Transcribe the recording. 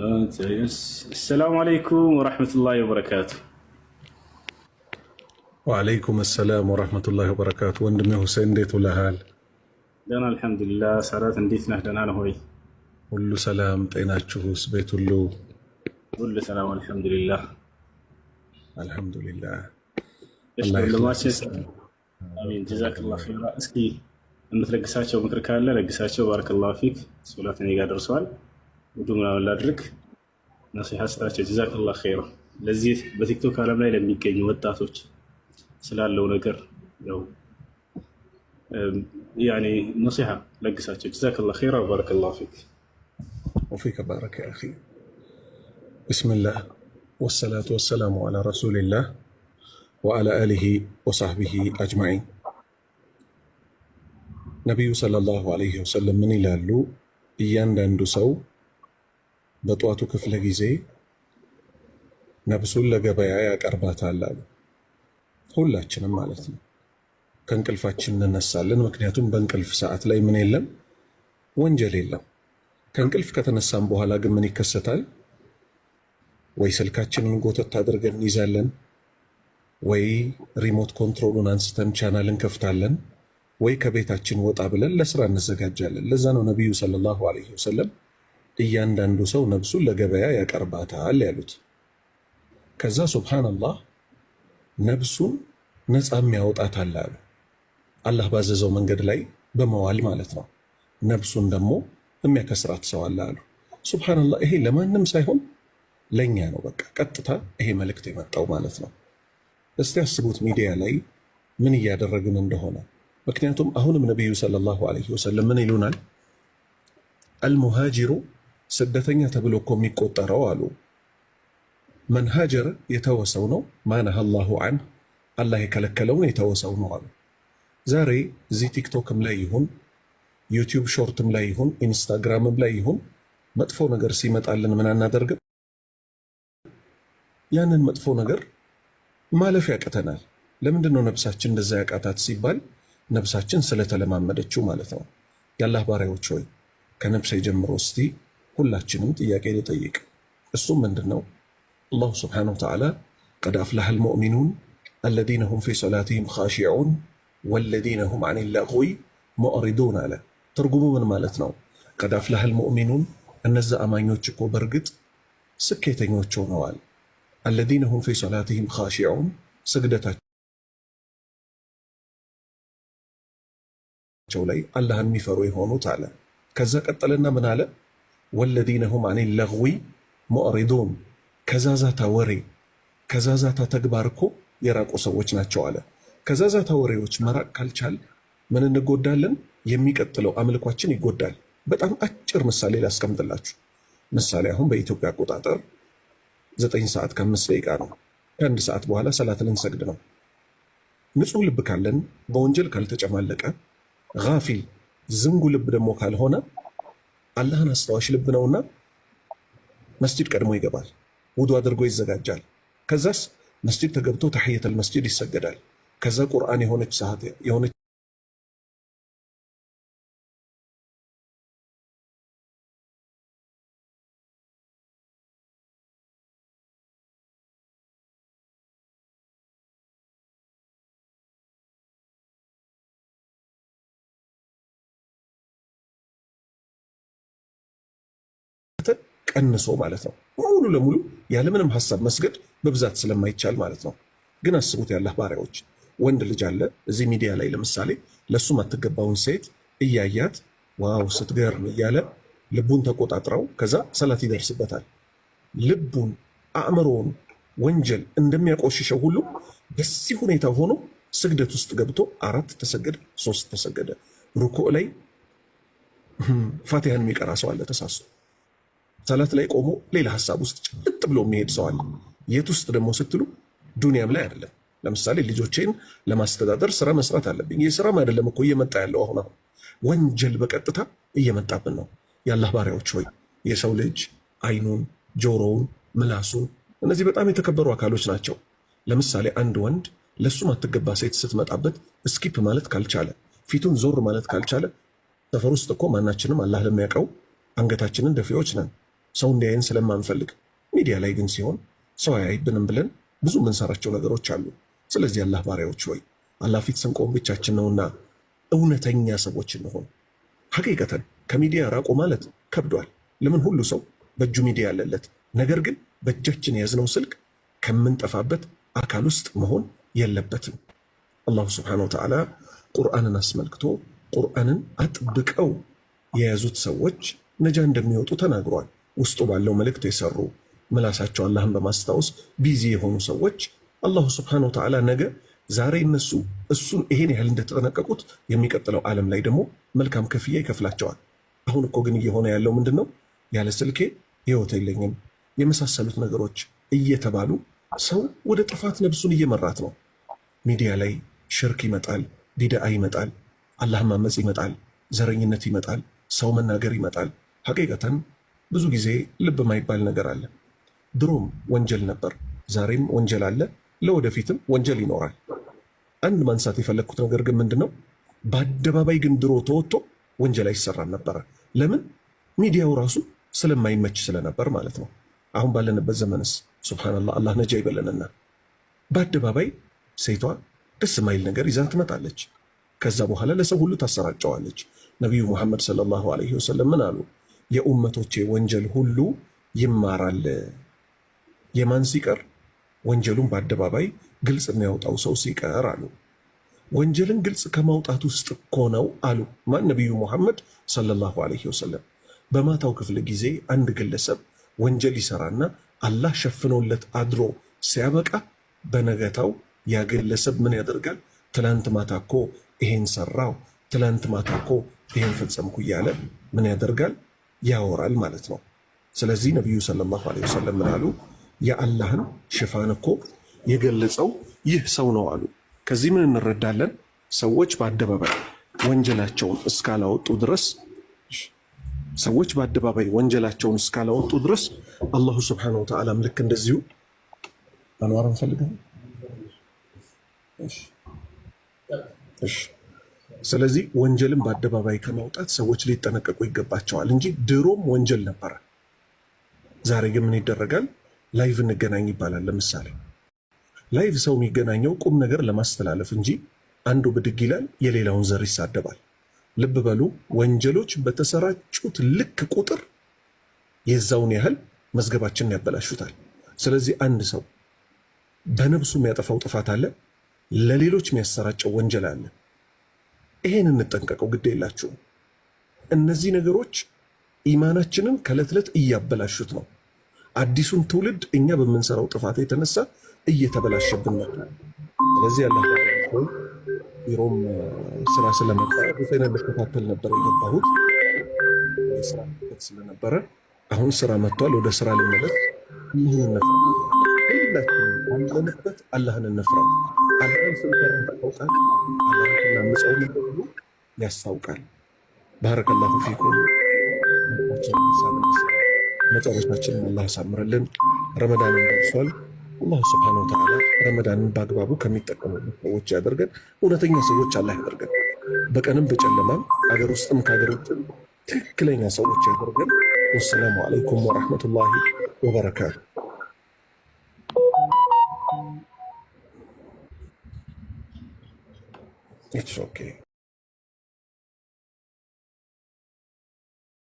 السلام عليكم ورحمه الله وبركاته وعليكم السلام ورحمه الله وبركاته وندم حسين ديت ولا هال دنا الحمد لله سعدات نديت نهدنا له وي سلام تينا تشوس بيت كل سلام الحمد لله الحمد لله الله امين جزاك الله خير اسكي مثل قساتشو مكركال لقساتشو بارك الله فيك سولاتني قادر سؤال ውዱ ምናምን ላድርግ ነሲሐ ስጣቸው። ጀዛከላ ኸይራ። ለዚህ በቲክቶክ ዓለም ላይ ለሚገኙ ወጣቶች ስላለው ነገር ያው ያኔ ነሲሐ ለግሳቸው። ጀዛከላ ኸይራ። ባረከላ ፊክ ወፊከ ባረከ ያ አኺ። ብስምላህ ወሰላቱ ወሰላሙ አላ ረሱሊላህ ወአላ አሊሂ ወሳህቢሂ አጅማዒን። ነቢዩ ሰለላሁ አለይሂ ወሰለም ምን ይላሉ? እያንዳንዱ ሰው በጧቱ ክፍለ ጊዜ ነብሱን ለገበያ ያቀርባታል አሉ። ሁላችንም ማለት ነው ከእንቅልፋችን እንነሳለን። ምክንያቱም በእንቅልፍ ሰዓት ላይ ምን የለም ወንጀል የለም። ከእንቅልፍ ከተነሳም በኋላ ግን ምን ይከሰታል? ወይ ስልካችንን ጎተት አድርገን እንይዛለን፣ ወይ ሪሞት ኮንትሮሉን አንስተን ቻናል እንከፍታለን፣ ወይ ከቤታችን ወጣ ብለን ለስራ እንዘጋጃለን። ለዛ ነው ነቢዩ ሰለላሁ ዐለይሂ ወሰለም እያንዳንዱ ሰው ነፍሱን ለገበያ ያቀርባታል ያሉት። ከዛ ሱብሃነላህ ነፍሱን ነፃ የሚያወጣታል አሉ። አላህ ባዘዘው መንገድ ላይ በመዋል ማለት ነው። ነፍሱን ደግሞ የሚያከስራት ሰው አለ አሉ። ሱብሃነላህ ይሄ ለማንም ሳይሆን ለእኛ ነው። በቃ ቀጥታ ይሄ መልእክት የመጣው ማለት ነው። እስቲ አስቡት ሚዲያ ላይ ምን እያደረግን እንደሆነ። ምክንያቱም አሁንም ነቢዩ ሰለላሁ ዐለይሂ ወሰለም ምን ይሉናል አልሙሃጅሩ ስደተኛ ተብሎ እኮ የሚቆጠረው አሉ። መንሃጀር የተወሰው ነው። ማነህ አላሁ አንህ አላህ የከለከለውን የተወሰው ነው አሉ። ዛሬ እዚህ ቲክቶክም ላይ ይሁን ዩቲዩብ ሾርትም ላይ ይሁን ኢንስታግራምም ላይ ይሁን መጥፎ ነገር ሲመጣልን ምን አናደርግም? ያንን መጥፎ ነገር ማለፍ ያቅተናል። ለምንድን ነው ነብሳችን እንደዛ ያቃታት ሲባል ነብሳችን ስለተለማመደችው ማለት ነው። የአላህ ባሪያዎች ሆይ ከነብሴ ጀምሮ እስቲ ሁላችንም ጥያቄ ልጠይቅ። እሱም ምንድን ነው? አላሁ ስብሓነሁ ወተዓላ ቀድ አፍላሐል ሙእሚኑን አለዚነ ሁም ፊ ሰላትህም ኻሺዑን ወለዚነ ሁም አን ላቁይ ሙዕሪዱን አለ። ትርጉሙ ምን ማለት ነው? ቀድ አፍላሐል ሙእሚኑን እነዚ አማኞች እኮ በእርግጥ ስኬተኞች ሆነዋል። አለዚነ ሁም ፊ ሰላትህም ኻሺዑን ስግደታቸው ላይ አላህን የሚፈሩ የሆኑት አለ። ከዛ ቀጠልና ምን አለ? ወለዚነ ሁም አን ለግዊ ሙዕሪዱን ከዛዛታ ወሬ ከዛዛታ ተግባር እኮ የራቁ ሰዎች ናቸው አለ። ከዛዛታ ወሬዎች መራቅ ካልቻል ምን እንጎዳለን? የሚቀጥለው አምልኳችን ይጎዳል። በጣም አጭር ምሳሌ ላስቀምጥላችሁ። ምሳሌ አሁን በኢትዮጵያ አቆጣጠር ዘጠኝ ሰዓት ከአምስት ደቂቃ ነው። ከአንድ ሰዓት በኋላ ሰላት ልንሰግድ ነው። ንጹሕ ልብ ካለን በወንጀል ካልተጨማለቀ ጋፊል ዝንጉ ልብ ደግሞ ካልሆነ አላህን አስተዋሽ ልብ ነውና መስጂድ ቀድሞ ይገባል። ውዱ አድርጎ ይዘጋጃል። ከዛስ መስጂድ ተገብቶ ተሕየተል መስጂድ ይሰገዳል። ከዛ ቁርአን የሆነች ሰዓት የሆነች ቀንሶ ማለት ነው። ሙሉ ለሙሉ ያለምንም ሀሳብ መስገድ በብዛት ስለማይቻል ማለት ነው። ግን አስቡት ያላህ ባሪያዎች፣ ወንድ ልጅ አለ እዚህ ሚዲያ ላይ ለምሳሌ ለእሱ ማትገባውን ሴት እያያት ዋው ስትገርም እያለ ልቡን ተቆጣጥረው ከዛ ሰላት ይደርስበታል። ልቡን አእምሮውን ወንጀል እንደሚያቆሽሸው ሁሉ በዚህ ሁኔታ ሆኖ ስግደት ውስጥ ገብቶ አራት ተሰገደ፣ ሶስት ተሰገደ። ሩኩዕ ላይ ፋቲሃን የሚቀራ ሰው አለ ተሳስቶ ሰላት ላይ ቆሞ ሌላ ሀሳብ ውስጥ ጭጥ ብሎ የሚሄድ ሰዋል። የት ውስጥ ደግሞ ስትሉ ዱኒያም ላይ አይደለም። ለምሳሌ ልጆቼን ለማስተዳደር ስራ መስራት አለብኝ። ይህ ስራም አይደለም እኮ እየመጣ ያለው አሁን አሁን ወንጀል በቀጥታ እየመጣብን ነው። የአላህ ባሪያዎች ሆይ የሰው ልጅ አይኑን፣ ጆሮውን፣ ምላሱን እነዚህ በጣም የተከበሩ አካሎች ናቸው። ለምሳሌ አንድ ወንድ ለሱ ማትገባ ሴት ስትመጣበት እስኪፕ ማለት ካልቻለ፣ ፊቱን ዞር ማለት ካልቻለ፣ ሰፈር ውስጥ እኮ ማናችንም አላህ ለሚያውቀው አንገታችንን ደፊዎች ነን። ሰው እንዲያይን ስለማንፈልግ ሚዲያ ላይ ግን ሲሆን ሰው አያይብንም ብለን ብዙ የምንሰራቸው ነገሮች አሉ። ስለዚህ አላህ ባሪያዎች ወይ አላህ ፊት ስንቆም ብቻችን ነውና እውነተኛ ሰዎች እንሆን። ሀቂቀተን ከሚዲያ ራቁ ማለት ከብዷል። ለምን ሁሉ ሰው በእጁ ሚዲያ ያለለት፣ ነገር ግን በእጃችን የያዝነው ስልክ ከምንጠፋበት አካል ውስጥ መሆን የለበትም። አላሁ ስብሓነሁ ወተዓላ ቁርአንን አስመልክቶ ቁርአንን አጥብቀው የያዙት ሰዎች ነጃ እንደሚወጡ ተናግሯል። ውስጡ ባለው መልእክት የሰሩ ምላሳቸው አላህን በማስታወስ ቢዚ የሆኑ ሰዎች አላሁ ስብሐነሁ ወተዓላ ነገ ዛሬ እነሱ እሱን ይሄን ያህል እንደተጠነቀቁት የሚቀጥለው ዓለም ላይ ደግሞ መልካም ክፍያ ይከፍላቸዋል። አሁን እኮ ግን እየሆነ ያለው ምንድን ነው? ያለ ስልኬ ህይወት የለኝም የመሳሰሉት ነገሮች እየተባሉ ሰው ወደ ጥፋት ነብሱን እየመራት ነው። ሚዲያ ላይ ሽርክ ይመጣል፣ ቢድዓ ይመጣል፣ አላህን ማመፅ ይመጣል፣ ዘረኝነት ይመጣል፣ ሰው መናገር ይመጣል። ሀቂቀተን ብዙ ጊዜ ልብ የማይባል ነገር አለ። ድሮም ወንጀል ነበር፣ ዛሬም ወንጀል አለ፣ ለወደፊትም ወንጀል ይኖራል። አንድ ማንሳት የፈለግኩት ነገር ግን ምንድን ነው፣ በአደባባይ ግን ድሮ ተወጥቶ ወንጀል አይሰራም ነበረ። ለምን? ሚዲያው ራሱ ስለማይመች ስለነበር ማለት ነው። አሁን ባለንበት ዘመንስ ሱብሃነላህ፣ አላህ ነጃ ይበለንና በአደባባይ ሴቷ ደስ የማይል ነገር ይዛ ትመጣለች። ከዛ በኋላ ለሰው ሁሉ ታሰራጨዋለች። ነቢዩ ሙሐመድ ሰለላሁ ዐለይሂ ወሰለም ምን አሉ? የኡመቶቼ ወንጀል ሁሉ ይማራል። የማን ሲቀር ወንጀሉን በአደባባይ ግልጽ የሚያወጣው ሰው ሲቀር አሉ። ወንጀልን ግልጽ ከማውጣት ውስጥ እኮ ነው አሉ ማን ነቢዩ ሙሐመድ ሰለላሁ ዐለይሂ ወሰለም። በማታው ክፍለ ጊዜ አንድ ግለሰብ ወንጀል ይሰራና አላህ ሸፍኖለት አድሮ ሲያበቃ በነገታው ያ ግለሰብ ምን ያደርጋል? ትላንት ማታ እኮ ይሄን ሰራው፣ ትላንት ማታ እኮ ይሄን ፈጸምኩ እያለ ምን ያደርጋል? ያወራል ማለት ነው። ስለዚህ ነቢዩ ሰለላሁ ዐለይሂ ወሰለም ምን አሉ? የአላህን ሽፋን እኮ የገለጸው ይህ ሰው ነው አሉ። ከዚህ ምን እንረዳለን? ሰዎች በአደባባይ ወንጀላቸውን እስካላወጡ ድረስ ሰዎች በአደባባይ ወንጀላቸውን እስካላወጡ ድረስ አላሁ ስብሐነሁ ወተዓላም ልክ እንደዚሁ አንዋር እንፈልጋለን። ስለዚህ ወንጀልን በአደባባይ ከማውጣት ሰዎች ሊጠነቀቁ ይገባቸዋል እንጂ ድሮም ወንጀል ነበረ። ዛሬ ግን ምን ይደረጋል? ላይቭ እንገናኝ ይባላል። ለምሳሌ ላይቭ ሰው የሚገናኘው ቁም ነገር ለማስተላለፍ እንጂ አንዱ ብድግ ይላል፣ የሌላውን ዘር ይሳደባል። ልብ በሉ፣ ወንጀሎች በተሰራጩት ልክ ቁጥር የዛውን ያህል መዝገባችንን ያበላሹታል። ስለዚህ አንድ ሰው በነብሱ የሚያጠፋው ጥፋት አለ፣ ለሌሎች የሚያሰራጨው ወንጀል አለ። ይሄን እንጠንቀቀው። ግድ የላችሁም። እነዚህ ነገሮች ኢማናችንን ከዕለት ዕለት እያበላሹት ነው። አዲሱን ትውልድ እኛ በምንሰራው ጥፋት የተነሳ እየተበላሸብን ነው። ስለዚህ ያለ ቢሮም ስራ ስለነበረ ሴና ልከታተል ነበር የገባሁት ስራ ስለነበረ አሁን ስራ መጥቷል። ወደ ስራ ልመለስ። ይህን ነፍራ አላህን እንፍራ። አላህን ስንፈራ ታውቃል። አላህን እናምፀው ያስታውቃል። ባረከላሁ ፊኩም። መጨረሻችንን አላህ ያሳምርልን። ረመዳንን ደርሷል። አላሁ ስብሐነሁ ወተዓላ ረመዳንን በአግባቡ ከሚጠቀሙ ሰዎች ያደርገን። እውነተኛ ሰዎች አላህ ያደርገን። በቀንም በጨለማም አገር ውስጥም ከአገር ውጭም ትክክለኛ ሰዎች ያደርገን። ወሰላሙ አለይኩም ወረሕመቱላሂ ወበረካቱ። ኢትስ ኦኬ